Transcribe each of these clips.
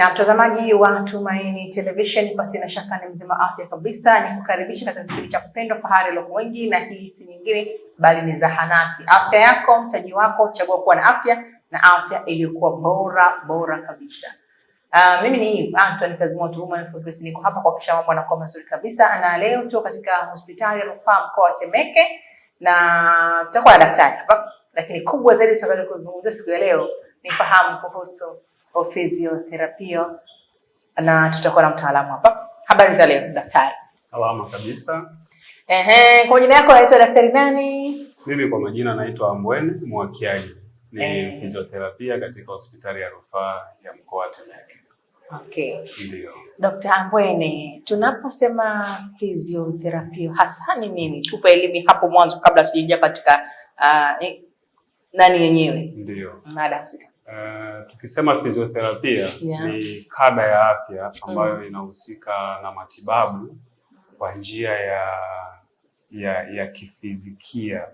Na mtazamaji wa Tumaini Television, pasi na shaka ni mzima afya kabisa, ni kukaribisha katika kipindi cha kupendwa fahari loko wengi, na hii si nyingine bali ni zahanati. Afya yako mtaji wako, chagua kuwa na afya na afya iliyokuwa bora bora kabisa. Uh, mimi ni Anthony Kazimoto Woman for Christ, niko hapa kuhakikisha mambo yanakuwa mazuri kabisa, na leo tu katika hospitali ya rufaa mkoa wa Temeke na tutakuwa na daktari hapa, lakini kubwa zaidi tutakalo kuzungumzia siku ya leo ni fahamu kuhusu of physiotherapy na tutakuwa na mtaalamu hapa. Habari za leo daktari? Salama kabisa. Ehe, kwa majina yako naitwa daktari nani? Mimi kwa majina naitwa Ambwene Mwakiaji ni ehe, fizioterapia katika hospitali ya rufaa ya mkoa wa Temeke. Okay. Ndio. Dr. Ambwene, tunaposema physiotherapy hasa ni nini? Tupe elimu hapo mwanzo kabla tujaingia katika uh, nani yenyewe. Ndio. Mada husika. Eh, tukisema fizioterapia yeah, ni kada ya afya ambayo mm, inahusika na matibabu kwa njia ya, ya, ya kifizikia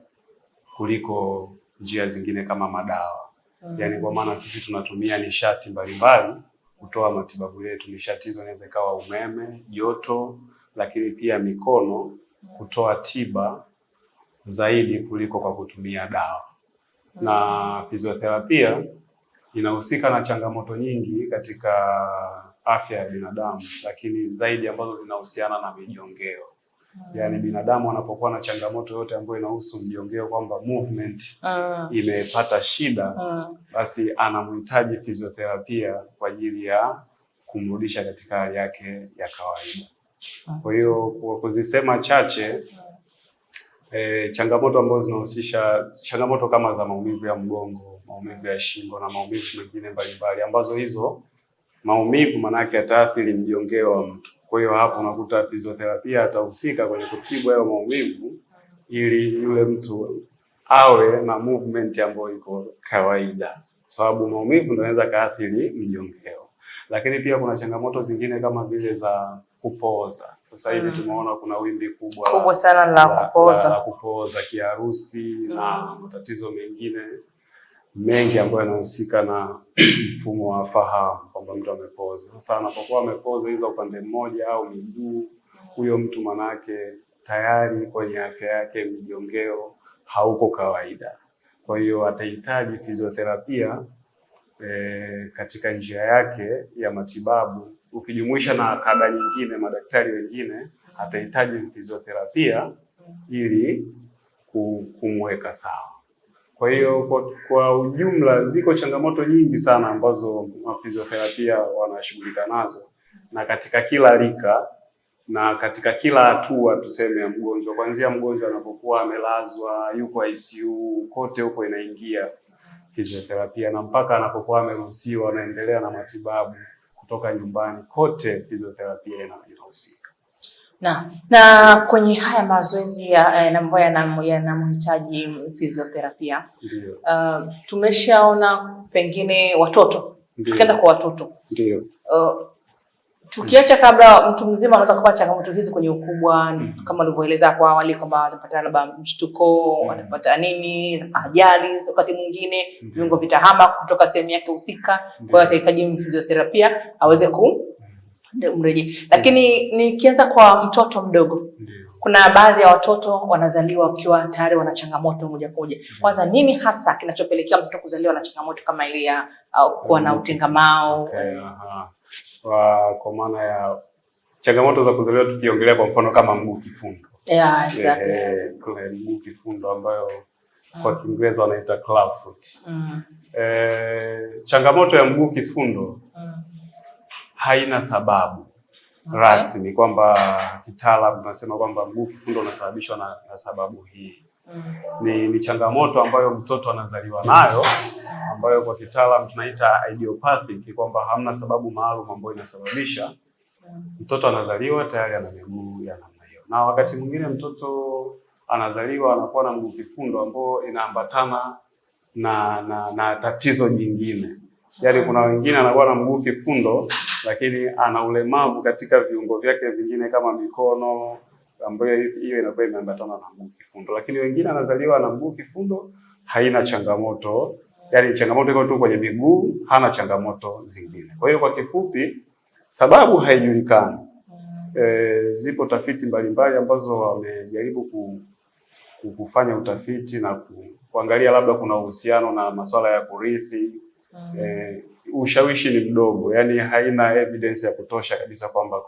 kuliko njia zingine kama madawa mm, yaani kwa maana sisi tunatumia nishati mbalimbali kutoa matibabu yetu. Nishati hizo inaweza ikawa umeme, joto, lakini pia mikono kutoa tiba zaidi kuliko kwa kutumia dawa mm, na fizioterapia inahusika na changamoto nyingi katika afya ya binadamu, lakini zaidi ambazo zinahusiana na mijongeo mm. Yaani binadamu anapokuwa na changamoto yote ambayo inahusu mjongeo kwamba movement mm. imepata shida mm. basi anamhitaji fizioterapia kwa ajili ya kumrudisha katika hali yake ya kawaida. Kwa hiyo kwa kuzisema chache eh, changamoto ambazo zinahusisha changamoto kama za maumivu ya mgongo maumivu ya shingo na maumivu mengine mbalimbali, ambazo hizo maumivu manake yataathiri mjongeo wa mtu. Kwa hiyo hapo unakuta fizioterapia atahusika kwenye kutibu hayo maumivu ili yule mtu awe na movement ambayo iko kawaida, kwa sababu maumivu ndio yanaweza kaathiri mjongeo. Lakini pia kuna changamoto zingine kama vile za kupooza. Sasa hivi mm, tumeona kuna wimbi kubwa kubwa sana la, la kupooza la, la kupooza kiharusi mm, na matatizo mengine mengi ambayo yanahusika na mfumo wa fahamu, kwamba mtu amepoza. Sasa anapokuwa amepoza hizo upande mmoja au miguu, huyo mtu manake tayari kwenye afya yake mjongeo hauko kawaida, kwa hiyo atahitaji fizioterapia e, katika njia yake ya matibabu ukijumuisha na kada nyingine, madaktari wengine, atahitaji fizioterapia ili kumweka sawa. Kwa hiyo kwa, kwa ujumla ziko changamoto nyingi sana ambazo mafizioterapia wanashughulika nazo na katika kila rika na katika kila hatua tuseme ya mgonjwa, kuanzia mgonjwa anapokuwa amelazwa yuko ICU, kote huko inaingia fizioterapia na mpaka anapokuwa ameruhusiwa anaendelea na matibabu kutoka nyumbani, kote fizioterapia inahusika. Na, na kwenye haya mazoezi eh, ambayo ya, yanamhitaji ya, fizioterapia uh, tumeshaona pengine watoto, tukianza kwa watoto ndio uh, tukiacha kabla mtu mzima anaweza kupata changamoto hizi kwenye ukubwa mm -hmm. kama ulivyoeleza kwa awali kwamba anapata labda mshtuko mm -hmm. anapata nini, ajali wakati mwingine mm-hmm. viungo mm -hmm. vitahama kutoka sehemu yake husika mm -hmm. kwa hiyo atahitaji fizioterapia aweze ku mreje. Lakini nikianza kwa mtoto mdogo, kuna baadhi ya watoto wanazaliwa wakiwa tayari wana changamoto moja moja. Kwanza, nini hasa kinachopelekea mtoto kuzaliwa na changamoto kama ile ya uh, kuwa na mm. utengamao? Okay, kwa maana ya changamoto za kuzaliwa, tukiongelea kwa mfano kama mguu kifundo yeah, exactly. Eh, mguu kifundo ambayo kwa Kiingereza wanaita foot. Mm. Eh, changamoto ya mguu kifundo haina sababu okay, rasmi kwamba kitaalamu tunasema kwamba mguu kifundo unasababishwa na, na sababu hii mm. Ni, ni changamoto ambayo mtoto anazaliwa nayo ambayo kwa kitaalamu tunaita idiopathic, kwamba hamna sababu maalum ambayo inasababisha mm. mtoto anazaliwa tayari ana miguu ya namna hiyo, na wakati mwingine mtoto anazaliwa anakuwa na mguu kifundo ambao inaambatana na, na, na tatizo jingine. Yaani kuna wengine anakuwa na mguu kifundo lakini ana ulemavu katika viungo vyake vingine kama mikono ambayo hiyo inakuwa imeambatana na mguu kifundo, lakini wengine anazaliwa na mguu kifundo haina changamoto, yani changamoto iko tu kwenye miguu, hana changamoto zingine. Kwa hiyo kwa kifupi, sababu haijulikani. E, zipo tafiti mbalimbali ambazo wamejaribu kufanya utafiti na kuangalia labda kuna uhusiano na masuala ya kurithi. E, ushawishi ni mdogo, yani haina evidence ya kutosha kabisa kwamba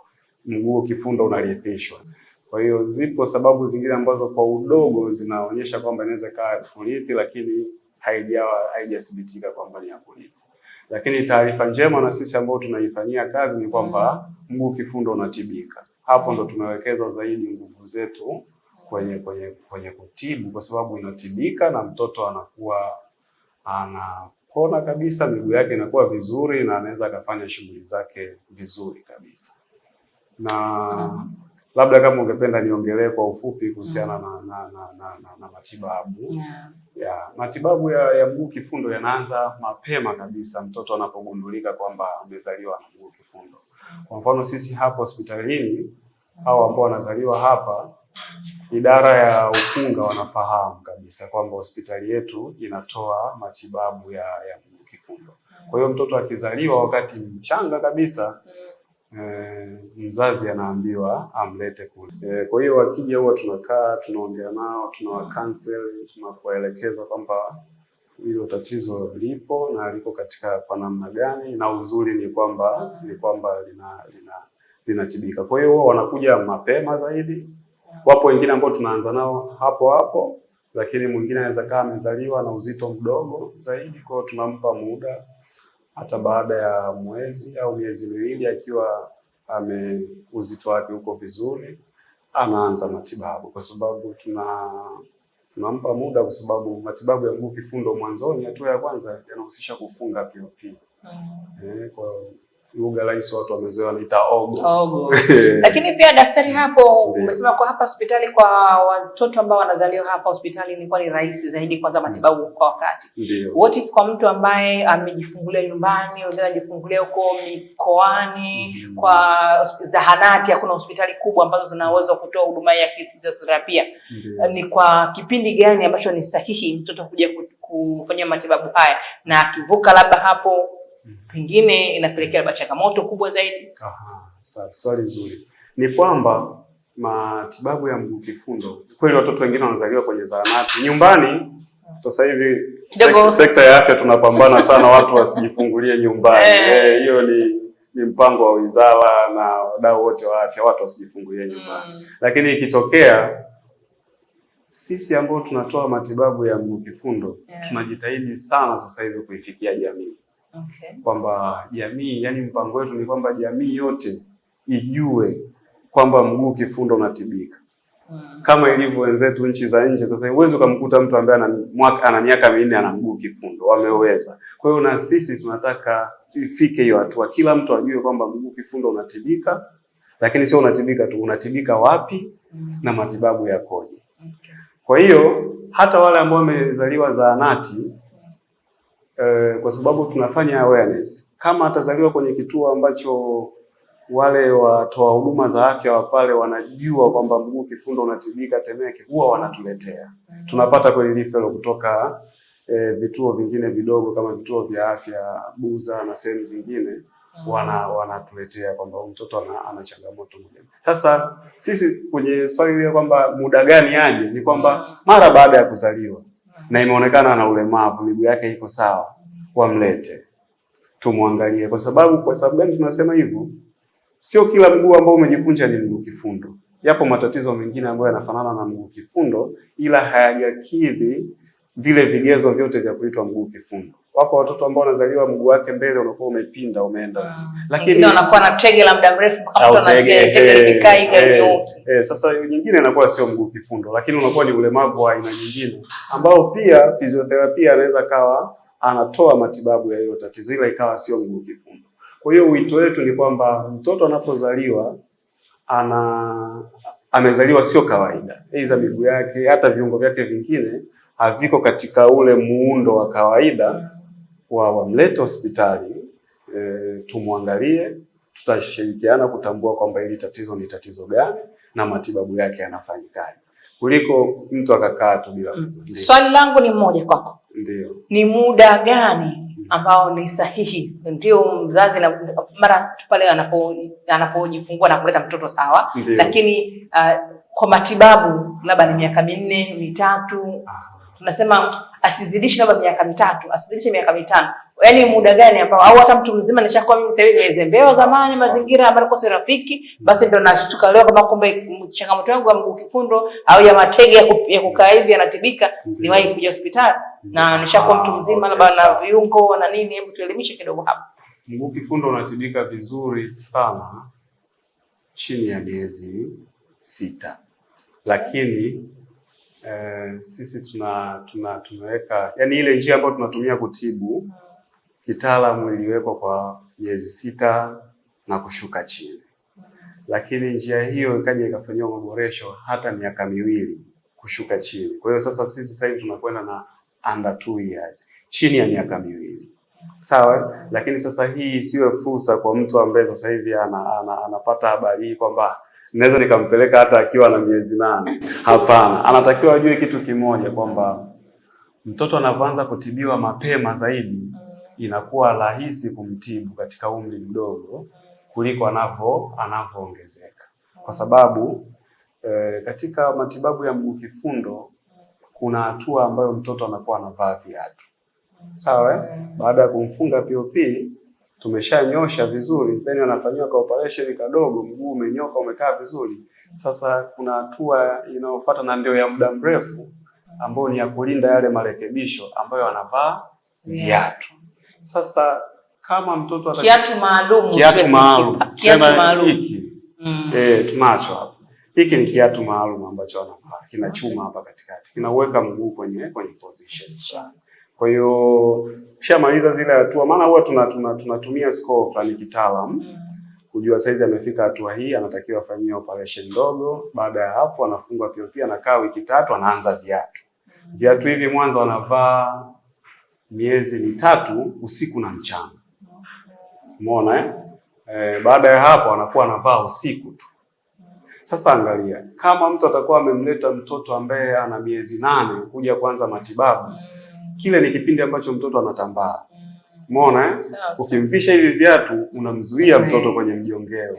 mguu kifundo unarithishwa. Kwa hiyo zipo sababu zingine ambazo kwa udogo zinaonyesha kwamba inaweza kaa kurithi, lakini haijawa haijathibitika kwamba ni ya kurithi. Lakini taarifa njema na sisi ambao tunaifanyia kazi ni kwamba mm-hmm. mguu kifundo unatibika. Hapo ndo tumewekeza zaidi nguvu zetu kwenye kwenye kwenye kutibu, kwa sababu inatibika na mtoto anakuwa ana atapona kabisa, miguu yake inakuwa vizuri na anaweza akafanya shughuli zake vizuri kabisa. Na labda kama ungependa niongelee kwa ufupi kuhusiana na, na, na, na, na, na matibabu yeah. Yeah. Matibabu ya, ya mguu kifundo yanaanza mapema kabisa mtoto anapogundulika kwamba amezaliwa na mguu kifundo. Kwa mfano sisi hapa hospitalini, hao ambao wanazaliwa hapa Idara ya ukunga wanafahamu kabisa kwamba hospitali yetu inatoa matibabu ya, ya kifundo. Kwa hiyo mtoto akizaliwa wakati mchanga kabisa E, mzazi anaambiwa amlete kule. E, kwa hiyo wakija huwa tunakaa tunaongea nao, tunawakansel, tunakuwaelekeza kwamba hilo tatizo lipo na liko katika kwa namna gani, na uzuri ni kwamba ni kwamba linatibika lina, lina. Kwa hiyo wanakuja mapema zaidi Wapo wengine ambao tunaanza nao hapo hapo, lakini mwingine anaweza kaa amezaliwa na uzito mdogo zaidi, kwa hiyo tunampa muda hata baada ya mwezi au miezi miwili, akiwa ame uzito wake uko vizuri, anaanza matibabu, kwa sababu tuna tunampa muda, kwa sababu matibabu ya mguu kifundo mwanzoni, hatua ya kwanza yanahusisha kufunga POP. Mm. Eh, kwa lugha rahisi watu wamezoea wanaita ogo. Ogo. Lakini pia daktari, hapo umesema kwa hapa hospitali kwa watoto ambao wanazaliwa hapa hospitali ilikuwa ni rahisi zaidi kwanza matibabu kwa wakati. Ndiyo. What if kwa mtu ambaye amejifungulia nyumbani, wengine anajifungulia huko mikoani, mm. kwa zahanati, hakuna hospitali kubwa ambazo zinaweza kutoa huduma ya fizioterapia. Ni kwa kipindi gani ambacho ni sahihi mtoto kuja kufanya matibabu haya na akivuka labda hapo pengine inapelekea labda changamoto kubwa zaidi? Aha, swali zuri. Ni kwamba matibabu ya mguu kifundo, kweli watoto wengine wanazaliwa kwenye zahanati nyumbani. Sasa hivi sekta, sekta ya afya tunapambana sana watu wasijifungulie nyumbani eh. Eh, hiyo. Eh, ni ni mpango wa wizara na wadau wote wa afya, watu wasijifungulie nyumbani mm. Lakini ikitokea sisi ambao tunatoa matibabu ya mguu kifundo yeah. tunajitahidi sana sasa hivi kuifikia jamii okay, kwamba jamii, yani mpango wetu ni kwamba jamii yote ijue kwamba mguu kifundo unatibika mm, kama ilivyo wenzetu nchi za nje. Sasa huwezi ukamkuta mtu ambaye ana miaka minne ana mguu kifundo, wameweza. Kwa hiyo na sisi tunataka ifike hiyo hatua, kila mtu ajue kwamba mguu kifundo unatibika, lakini sio unatibika tu, unatibika wapi mm, na matibabu yakoje. Okay. Kwa hiyo hata wale ambao wamezaliwa zaanati Eh, kwa sababu tunafanya awareness. Kama atazaliwa kwenye kituo ambacho wale watoa huduma za afya wa pale wanajua kwamba mguu kifundo unatibika Temeke, huwa wanatuletea mm. tunapata kweli referral kutoka e, vituo vingine vidogo kama vituo vya afya Buza na sehemu zingine mm. wana wanatuletea kwamba mtoto ana, ana changamoto moja. Sasa sisi kwenye swali ile kwamba muda gani aje, ni kwamba mm. mara baada ya kuzaliwa na imeonekana ana ulemavu, miguu yake iko sawa, wamlete tumwangalie. Kwa sababu kwa sababu gani tunasema hivyo? Sio kila mguu ambao umejikunja ni mguu kifundo. Yapo matatizo mengine ambayo yanafanana na mguu kifundo, ila hayajakidhi vile vigezo vyote vya kuitwa mguu kifundo wako watoto ambao wanazaliwa mguu wake mbele unakuwa umepinda umeenda, hmm. Lakini anakuwa na tege la muda mrefu kama mtu ana tege likai eh, eh, yote Eh, sasa nyingine inakuwa sio mguu kifundo, lakini unakuwa ni ulemavu wa aina nyingine ambao pia fizioterapia anaweza kawa anatoa matibabu ya hiyo tatizo, ila ikawa sio mguu kifundo. Kwa hiyo wito wetu ni kwamba mtoto anapozaliwa ana amezaliwa sio kawaida, aidha miguu yake hata viungo vyake vingine haviko katika ule muundo wa kawaida kuwa wamlete hospitali e, tumwangalie, tutashirikiana kutambua kwamba hili tatizo ni tatizo gani na matibabu yake yanafanyikaje, kuliko mtu akakaa tu bila. Mm. Swali langu ni mmoja kwako, ndio ni muda gani ambao ni sahihi, ndio mzazi na mara pale anapojifungua na kuleta mtoto sawa, ndiyo. Lakini uh, kwa matibabu labda ni miaka minne mitatu tunasema asizidishe labda miaka mitatu, asizidishe miaka mitano. Yaani muda gani ambao au hata mtu mzima nishakuwa mimi sasa hivi nimezembewa zamani mazingira ambayo kwa sio rafiki, basi ndo nashtuka leo kama kumbe changamoto yangu ya mguu kifundo au ya matege ya kukaa hivi yanatibika. Niwahi kuja hospitali na nishakuwa mtu mzima labda na viungo na nini, hebu tuelimishe kidogo hapo. Mguu kifundo unatibika vizuri sana chini ya miezi sita. Lakini eh, sisi tuna, tuna tunaweka yani ile njia ambayo tunatumia kutibu kitaalamu iliwekwa kwa miezi sita na kushuka chini, lakini njia hiyo ikaja ikafanyiwa maboresho hata miaka miwili kushuka chini. Kwa hiyo sasa sisi sasa hivi tunakwenda na under two years, chini ya miaka miwili. Sawa, lakini sasa hii siwe fursa kwa mtu ambaye sasa hivi anapata ana, ana habari hii kwamba naweza nikampeleka hata akiwa na miezi nane. Hapana, anatakiwa ajue kitu kimoja kwamba mtoto anapoanza kutibiwa mapema zaidi inakuwa rahisi kumtibu katika umri mdogo kuliko anavyo anavyoongezeka, kwa sababu e, katika matibabu ya mguu kifundo kuna hatua ambayo mtoto anakuwa anavaa viatu sawa. Eh? Baada ya kumfunga POP tumeshanyosha vizuri, then anafanyiwa kwa operation kadogo, mguu umenyoka umekaa vizuri. Sasa kuna hatua inayofuata na ndio ya muda mrefu ambayo ni ya kulinda yale marekebisho ambayo anavaa viatu. Sasa kama mtoto ataki... kiatu maalum, kiatu maalum, kiatu maalum hiki mm. eh, tunacho hapa. Hiki ni kiatu maalum ambacho anavaa, kina chuma hapa katikati, kinaweka mguu kwenye kwenye position. Kwa hiyo kishamaliza zile hatua, maana huwa tunatumia tuna, tuna score fulani kitaalamu mm. kujua saizi amefika hatua hii, anatakiwa afanyia operation ndogo. Baada ya hapo, anafungwa POP, anakaa wiki tatu, anaanza viatu. Mm. Viatu hivi mwanzo anavaa miezi mitatu usiku na mchana, umeona eh? Eh, baada ya hapo anakuwa anavaa usiku tu. Sasa angalia, kama mtu atakuwa amemleta mtoto ambaye ana miezi nane kuja kuanza matibabu mm kile ni kipindi ambacho mtoto anatambaa. Mm. Umeona eh? Ukimvisha hivi viatu unamzuia mm. mtoto kwenye mjongeo.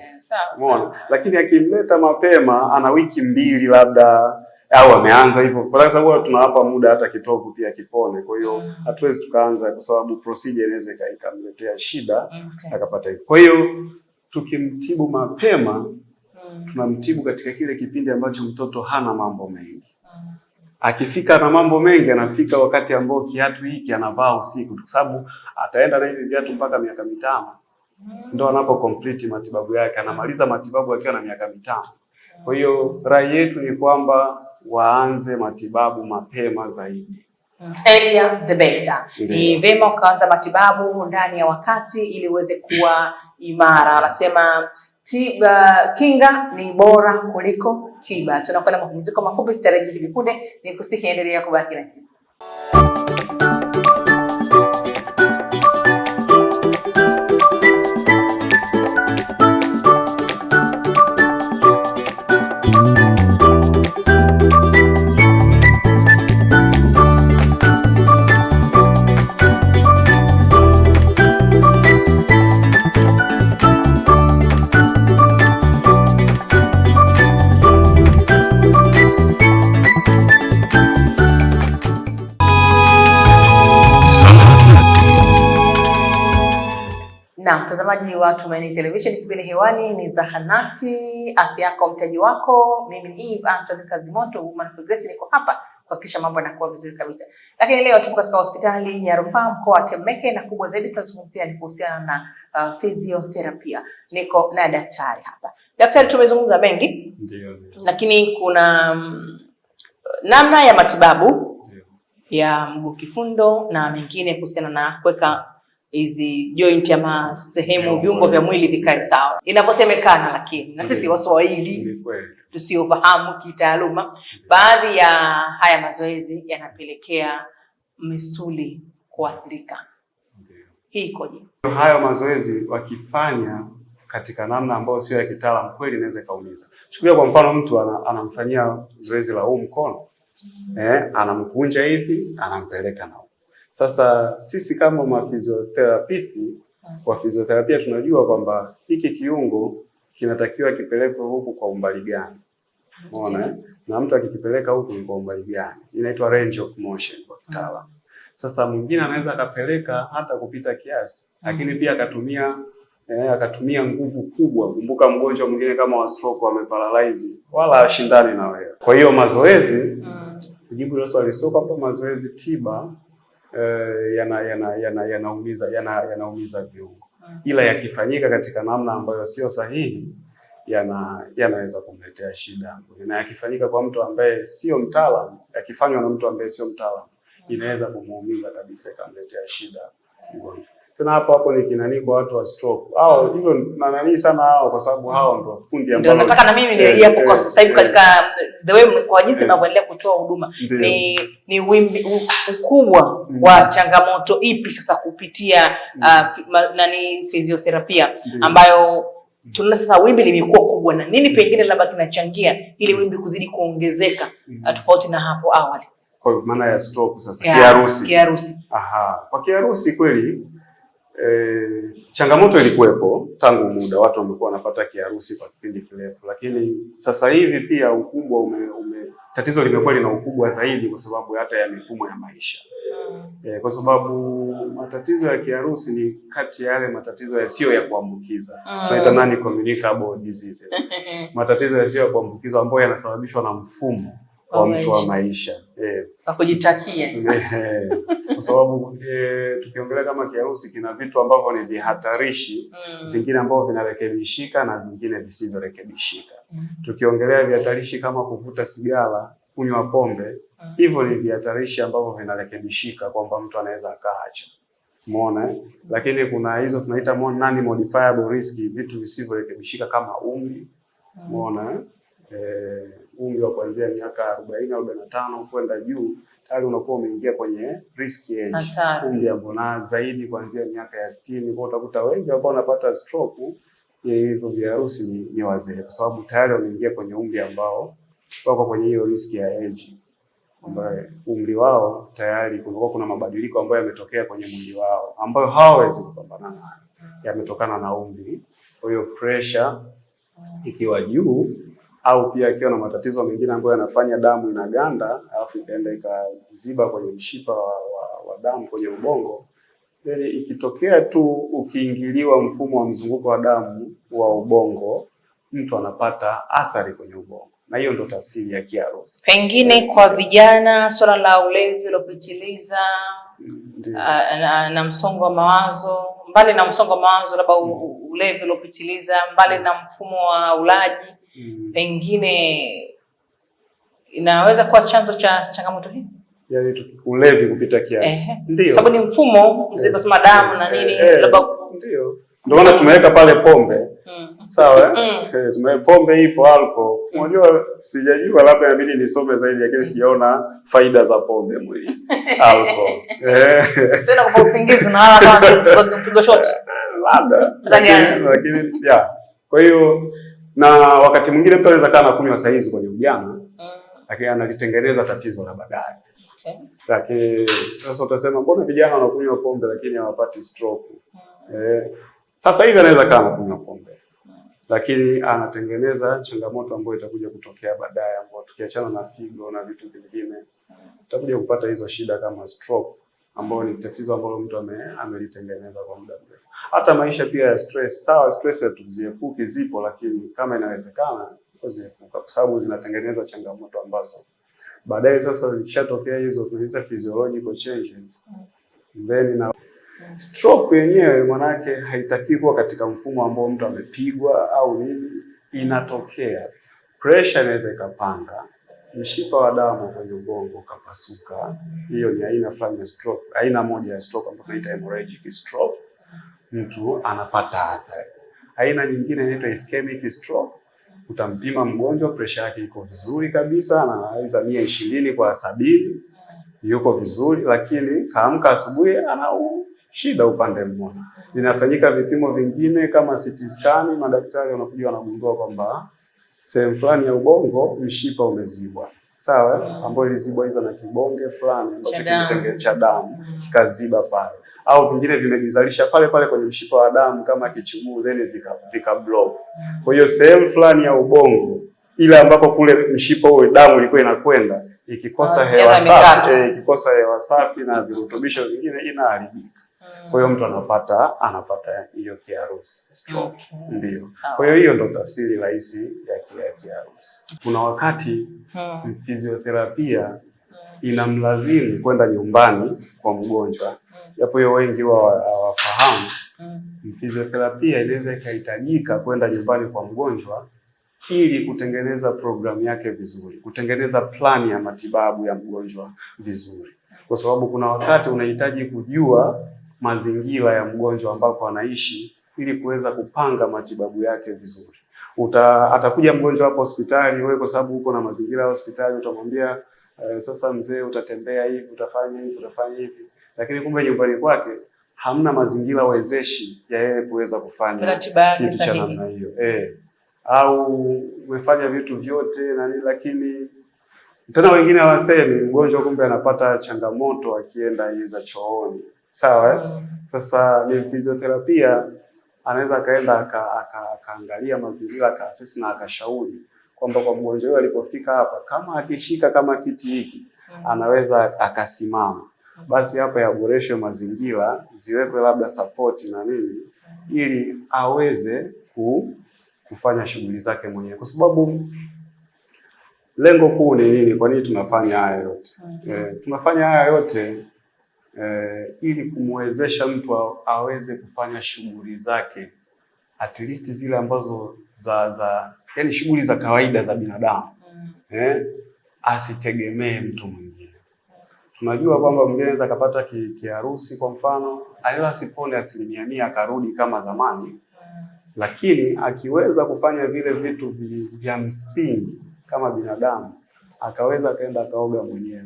Umeona? Lakini akimleta mapema ana wiki mbili labda au ameanza hivyo, kwa sababu tunawapa muda hata kitovu pia kipone. Kwa hiyo mm, hatuwezi tukaanza kwa sababu procedure inaweza ikamletea shida okay, akapata hivyo. Kwa hiyo tukimtibu mapema mm, tunamtibu katika kile kipindi ambacho mtoto hana mambo mengi akifika na mambo mengi, anafika wakati ambao kiatu hiki anavaa usiku, kwa sababu ataenda na hivi viatu mpaka miaka mitano ndo anapo complete matibabu yake, anamaliza matibabu akiwa na miaka mitano. Kwa hiyo rai yetu ni kwamba waanze matibabu mapema zaidi. Earlier the better. Ni vema ukaanza matibabu ndani ya wakati ili uweze kuwa imara. Anasema tiba kinga ni bora kuliko tiba. Tunakwenda mapumziko mafupi, tutarejea hivi punde. Nikusihi endelea kubaki na sisi. mtazamaji wa Tumaini Television, kipindi hewani ni zahanati afya yako mtaji wako. Mimi ni Eve Anthony Kazimoto, Woman Progress, niko hapa kuhakikisha mambo yanakuwa vizuri kabisa. Lakini leo tuko katika hospitali ya rufaa mkoa wa Temeke, na kubwa zaidi tunazungumzia ni kuhusiana na uh, physiotherapy. Niko na daktari hapa. Daktari, tumezungumza mengi, ndio, lakini kuna um, namna ya matibabu ndio, ya mguu kifundo na mengine kuhusiana na kuweka hizi joint ama sehemu viungo vya mwili vikae sawa inavyosemekana, lakini na sisi Waswahili tusiofahamu kitaaluma, baadhi ya haya mazoezi yanapelekea misuli kuathirika. Hii ikoje? Hayo mazoezi wakifanya katika namna ambayo sio ya kitaalamu, kweli inaweza ikaumiza. Chukulia kwa mfano, mtu anamfanyia zoezi la huu mkono mm-hmm. eh, anamkunja hivi, anampeleka na sasa sisi kama mafizioterapisti mm. wa fizioterapia tunajua kwamba hiki kiungo kinatakiwa kipelekwe huku kwa umbali gani, umeona? Na mtu akikipeleka huku ni kwa umbali gani, inaitwa range of motion kwa kitaalamu. Sasa mwingine anaweza akapeleka hata kupita kiasi, lakini mm. pia akatumia eh, akatumia nguvu kubwa. Kumbuka mgonjwa mwingine kama wa stroke ameparalyze, wala ashindani na wewe. Kwa hiyo mazoezi, kujibu mm. ile swali, sio kwamba mazoezi tiba yanaumiza eh, yana, yana, yana yana viungo, hmm. ila yakifanyika katika namna ambayo sio sahihi yanaweza kumletea shida, na yakifanyika kwa mtu ambaye sio mtaalamu, yakifanywa na mtu ambaye sio mtaalamu hmm. inaweza kumuumiza kabisa ikamletea shida mgonjwa tena hapa hapo ni kinani kwa watu wa stroke hao, mm. hivyo na nani sana hao, kwa sababu hao ndio kundi ambao ndio nataka na mimi eh, ni hapo eh, kwa sasa hivi eh. katika the way kwa jinsi tunavyoendelea kutoa huduma ni ni wimbi ukubwa mm. wa changamoto ipi sasa kupitia uh, nani physiotherapy ambayo tunaona sasa wimbi limekuwa kubwa, na nini pengine labda kinachangia ili wimbi kuzidi kuongezeka ah, tofauti na hapo awali, kwa maana ya stroke sasa, kiharusi. Kiharusi, aha, kwa kiharusi kweli Eh, changamoto ilikuwepo tangu muda, watu wamekuwa wanapata kiharusi kwa kipindi kirefu, lakini sasa hivi pia ukubwa ume, ume, tatizo limekuwa lina ukubwa zaidi kwa sababu hata ya mifumo ya maisha e, kwa sababu matatizo ya kiharusi ni kati ya yale matatizo yasiyo ya kuambukiza mm. tunaita non communicable diseases, matatizo yasiyo ya kuambukiza ambayo yanasababishwa na mfumo kwa mtu wa maisha eh. kwa kujitakia, eh. kwa sababu eh, tukiongelea kama kiharusi kina vitu ambavyo ni vihatarishi mm. vingine ambavyo vinarekebishika na vingine visivyorekebishika mm. tukiongelea vihatarishi kama kuvuta sigara, kunywa pombe mm. ni vihatarishi ambavyo vinarekebishika kwamba mtu anaweza akaacha Umeona, lakini kuna hizo tunaita non modifiable risk, vitu visivyorekebishika kama umri. Mm. Umeona eh umri wa kuanzia miaka 40 arobaini na kwenda juu tayari unakuwa umeingia kwenye risk age, umri ambao na zaidi kuanzia miaka ya 60. Kwa utakuta wengi ambao wanapata stroke ya eh, hivyo viharusi ni, ni wazee, kwa sababu tayari wameingia kwenye umri ambao wako kwenye hiyo risk ya age ambayo umri wao tayari kulikuwa kuna mabadiliko ambayo yametokea kwenye mwili wao ambayo hawawezi kupambana nayo, yametokana na umri. Kwa hiyo pressure ikiwa juu au pia akiwa na matatizo mengine ambayo yanafanya damu inaganda alafu ikaenda ikaziba kwenye mshipa wa, wa, wa damu kwenye ubongo, then ikitokea tu ukiingiliwa mfumo wa mzunguko wa damu wa ubongo, mtu anapata athari kwenye ubongo, na hiyo ndio tafsiri ya kiharusi. Pengine kwa vijana swala la ulevi uliopitiliza ah, na, na msongo wa mawazo, mbali na msongo wa mawazo labda ulevi uliopitiliza, mbali na mfumo wa ulaji mm. pengine inaweza kuwa chanzo cha changamoto hii yani ulevi kupita kiasi, ndio sababu ni mfumo mzima, eh. nasema damu na eh, nini, eh, eh, labda ndio ndio maana tumeweka pale pombe mm. sawa mm. eh? mm. tumeweka pombe ipo alko unajua mm. sijajua labda inabidi nisome zaidi, lakini sijaona faida za pombe mwili alcohol sio na kwa usingizi na wala kama kupiga shot labda, lakini ya kwa hiyo na wakati mwingine mtu anaweza kaa na kunywa saa hizi kwenye ujana, mm. lakini analitengeneza tatizo la baadaye. Lakini sasa utasema mbona vijana wanakunywa pombe lakini hawapati stroke? Mm. Eh, sasa hivi anaweza kaa na kunywa pombe mm. lakini anatengeneza changamoto ambayo itakuja kutokea baadaye, ambayo tukiachana na figo na vitu vingine, utakuja kupata hizo shida kama stroke, ambayo ni tatizo ambalo mtu ame, amelitengeneza kwa muda hata maisha pia ya stress. Sawa, stress ya hatuziepuki, zipo, lakini kama inawezekana uziepuka, kwa sababu zinatengeneza changamoto ambazo baadaye sasa zikishatokea hizo tunaita physiological changes then na stroke yenyewe manake haitaki kuwa katika mfumo ambao mtu amepigwa au nini, inatokea pressure inaweza ikapanda, mshipa wa damu kwenye ubongo ukapasuka. Hiyo ni aina fulani ya stroke, aina moja ya stroke ambayo tunaita hemorrhagic stroke mtu anapata athari. Aina nyingine inaitwa ischemic stroke. Utampima mgonjwa, pressure yake iko vizuri kabisa, anaweza mia ishirini kwa sabini, yuko vizuri, lakini kaamka asubuhi ana shida upande mmoja. Inafanyika vipimo vingine kama CT scan, madaktari wanakuja wanagundua kwamba sehemu fulani ya ubongo mshipa umezibwa sawa mm. ambayo ilizibwa hizo na kibonge fulani ambacho cha damu kikaziba pale, au vingine vimejizalisha pale pale kwenye mshipa wa damu kama kichuguu, then zika block. Kwa hiyo sehemu fulani ya ubongo ile ambapo kule mshipa huo damu ilikuwa inakwenda ikikosa hewa safi, eh, ikikosa hewa safi na virutubisho vingine inaharibika. Kwa hiyo mtu anapata anapata hiyo kiharusi stroke. Ndio. Kwa hiyo hiyo ndo tafsiri rahisi ya kiharusi. Kuna wakati hmm. fizioterapia hmm. inamlazimu kwenda nyumbani kwa mgonjwa, hmm. japo hiyo wengi huwa hawafahamu. Fizioterapia inaweza ikahitajika kwenda nyumbani kwa mgonjwa ili kutengeneza programu yake vizuri, kutengeneza plani ya matibabu ya mgonjwa vizuri, kwa sababu kuna wakati unahitaji kujua mazingira ya mgonjwa ambapo anaishi ili kuweza kupanga matibabu yake vizuri. Uta, atakuja mgonjwa hapo hospitali, wewe kwa sababu uko na mazingira ya hospitali utamwambia uh, sasa mzee, utatembea hivi, utafanya hivi, utafanya hivi, lakini kumbe nyumbani kwake hamna mazingira wezeshi ya yeye kuweza kufanya kitu cha namna hiyo eh, au umefanya vitu vyote na nini, lakini tena wengine hawasemi mgonjwa kumbe anapata changamoto akienda za chooni sawa. eh? Mm. Sasa ni mfizioterapia anaweza akaenda akaangalia mazingira akaasesi na akashauri kwamba kwa mgonjwa huyo alipofika hapa, kama akishika kama kiti hiki mm. anaweza akasimama mm. basi hapa yaboreshwe mazingira, ziwekwe labda sapoti na nini ili aweze ku, kufanya shughuli zake mwenyewe kwa sababu lengo kuu ni nini? Kwa nini tunafanya haya yote? mm. E, tunafanya haya yote eh, ili kumwezesha mtu aweze kufanya shughuli zake at least zile ambazo za za yani shughuli za kawaida za binadamu mm. eh, asitegemee mtu mwingine. Tunajua kwamba mgeni anaweza akapata kiharusi ki kwa mfano aela asipone asilimia mia akarudi kama zamani mm. lakini akiweza kufanya vile vitu vya msingi kama binadamu akaweza akaenda akaoga mwenyewe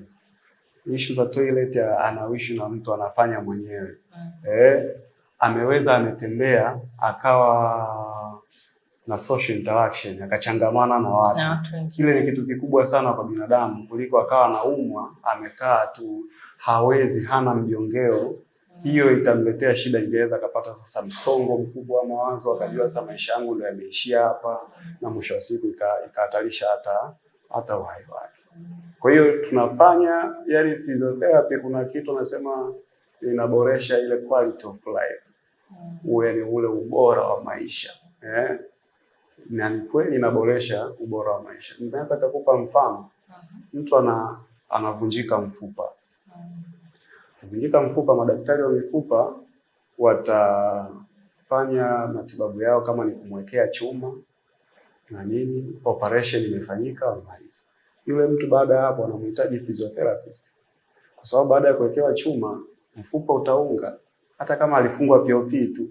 ishu za toilet anawishi na mtu anafanya mwenyewe mm. Eh, ameweza ametembea akawa na social interaction akachangamana na watu kile ni kitu kikubwa sana kwa binadamu kuliko akawa naumwa amekaa tu, hawezi, hana mjongeo hiyo itamletea shida. Ingeweza akapata sasa msongo mkubwa wa mawazo, akajua sasa maisha yangu ndio yameishia hapa, na mwisho wa siku ikahatarisha hata hata uhai wake. Kwa hiyo tunafanya yani physiotherapy kuna kitu nasema inaboresha ile quality of life. Mm. Uwe ni ule ubora wa maisha. Eh? Na ni kweli inaboresha ubora wa maisha. Ninaweza kukupa mfano. Mm-hmm. Mtu ana anavunjika mfupa. Mm-hmm. Kuvunjika mfupa, madaktari wa mifupa watafanya matibabu yao, kama ni kumwekea chuma na nini, operation imefanyika, wamaliza yule mtu baada ya hapo anamhitaji physiotherapist, kwa sababu baada ya kuwekewa chuma mfupa utaunga, hata kama alifungwa POP tu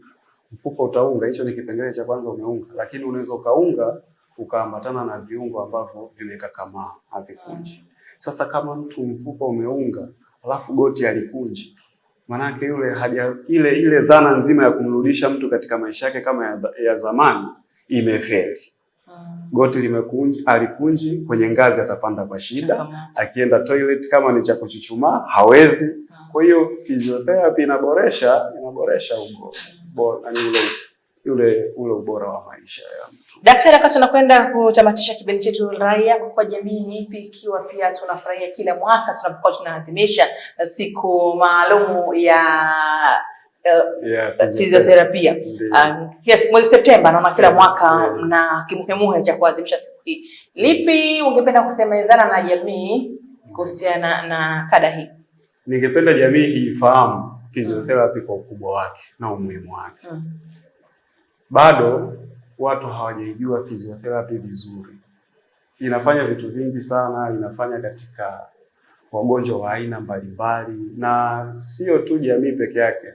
mfupa utaunga. Hicho ni kipengele cha kwanza, umeunga, lakini unaweza ukaunga ukaambatana na viungo ambavyo vimekakamaa havikunji. Sasa kama mtu mfupa umeunga alafu goti alikunji, manake yule haja, ile ile dhana nzima ya kumrudisha mtu katika maisha yake kama ya, ya zamani imefeli goti limekunja, alikunji kwenye ngazi atapanda kwa shida, akienda toilet kama ni cha kuchuchumaa hawezi. Kwa hiyo physiotherapy inaboresha inaboresha ubora yule ule ubora wa maisha ya mtu. Daktari, wakati tunakwenda kutamatisha kipindi chetu, rai yako kwa jamii ni ipi, ikiwa pia tunafurahia kila mwaka tunapokuwa tunaadhimisha siku maalumu ya fizioterapia uh, mwezi Septemba, naona kila mwaka mna kimuhemuhe cha kuadhimisha siku hii. Lipi ungependa kusemezana na jamii kuhusiana na kada hii? Ningependa jamii ifahamu fizioterapi kwa ukubwa wake na umuhimu wake. Mm. Bado watu hawajaijua fizioterapi vizuri. Inafanya vitu vingi sana, inafanya katika wagonjwa wa aina mbalimbali, na sio tu jamii peke yake,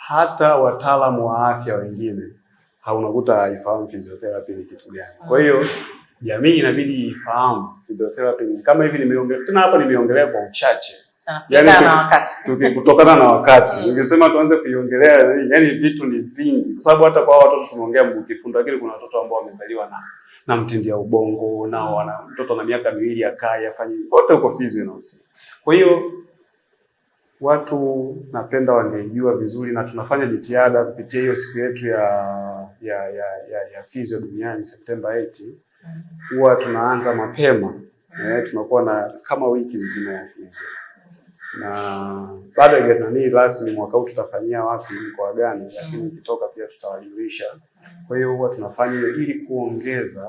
hata wataalamu wa afya wengine haunakuta haifahamu physiotherapy ni kitu gani. Kwa hiyo jamii inabidi ifahamu physiotherapy kama hivi nimeongelea tena hapa, nimeongelea kwa uchache yani, kutokana na wakati mm. ningesema tuanze kuiongelea yani, vitu ni vingi, kwa sababu hata kwa watoto tunaongea mkifunda lakini kuna watoto ambao wamezaliwa na na mtindia ubongo na wana mtoto na miaka miwili akaye afanye wote uko physio na usi. Kwa hiyo watu napenda wangejua vizuri, na tunafanya jitihada kupitia hiyo siku yetu ya ya ya ya, ya fizio duniani Septemba 8 huwa tunaanza mapema eh, tunakuwa na kama wiki nzima ya fizio na baada ya nani rasmi mwaka huu tutafanyia wapi, mkoa gani, lakini ikitoka pia tutawajulisha. Kwa hiyo huwa tunafanya hiyo ili kuongeza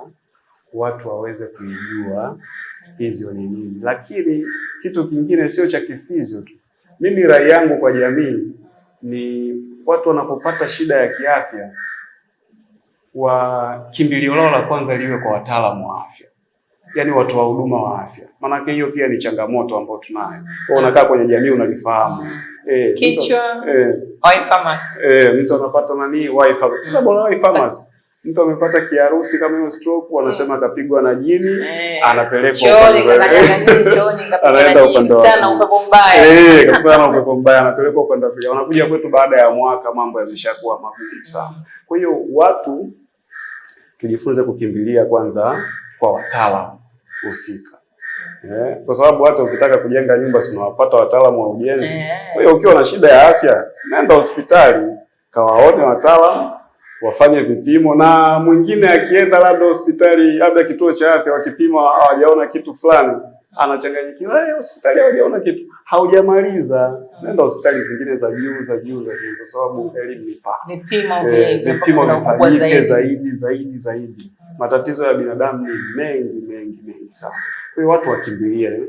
watu waweze kuijua fizio ni nini, lakini kitu kingine sio cha kifizio tu mimi rai yangu kwa jamii ni watu wanapopata shida ya kiafya, wa kimbilio lao la kwanza liwe kwa wataalamu wa afya, yaani watoa huduma wa afya, maanake hiyo pia ni changamoto ambayo tunayo. So, unakaa kwenye jamii unalifahamu eh, kichwa, eh. eh, mtu anapata nani, pharmacy mtu amepata kiharusi kama hiyo stroke, eh. wanasema atapigwa na jini, eh. anapelekwa anaenda upande wa eh, kakutana na upepo mbaya, anapelekwa upande wa pili. Wanakuja kwetu baada ya mwaka, mambo yameshakuwa magumu sana. Kwa hiyo watu tujifunze kukimbilia kwanza kwa wataalamu husika. Yeah. Kwa sababu hata ukitaka kujenga nyumba si unawapata wataalamu wa ujenzi. Eh. Kwa hiyo ukiwa na shida ya afya, nenda hospitali kawaone wataalamu wafanye vipimo, na mwingine akienda labda hospitali labda kituo cha afya, wakipima hawajaona kitu fulani, anachanganyikiwa, hey, eh, hospitali hawajaona kitu, haujamaliza nenda hospitali zingine za juu za juu za juu, kwa sababu elimu ni pa vipimo eh, vifanyike zaidi zaidi zaidi. Matatizo ya binadamu ni mengi mengi mengi sana, kwa hiyo watu wakimbilie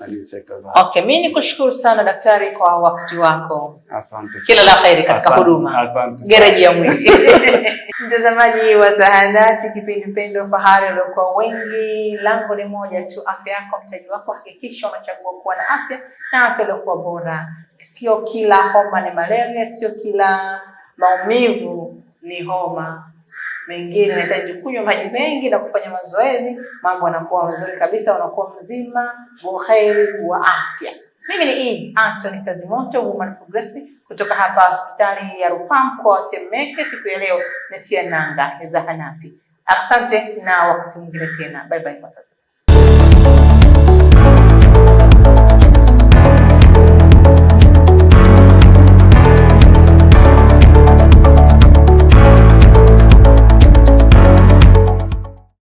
hadi sekta za. Okay, mimi nikushukuru sana daktari kwa wakati wako. Asante. Kila la kheri katika huduma. Asante. Gereji ya mwili. Mtazamaji wa Zahanati, kipindi Pendo Fahari, uliokuwa wengi, lango ni moja tu, afya yako, mtaji wako. Hakikisha unachagua kuwa na afya na afya iliyokuwa bora. Sio kila homa ni malaria, sio kila maumivu ni homa mengine unahitaji kunywa maji mengi na kufanya mazoezi, mambo yanakuwa mazuri kabisa, unakuwa mzima buheri wa afya. Mimi ni Eve Anthony Kazimoto, Woman Progressive kutoka hapa hospitali ya Rufaa mkoa wa Temeke. Siku ya leo natia nanga ya zahanati. Asante na wakati mwingine tena, bye bye kwa sasa.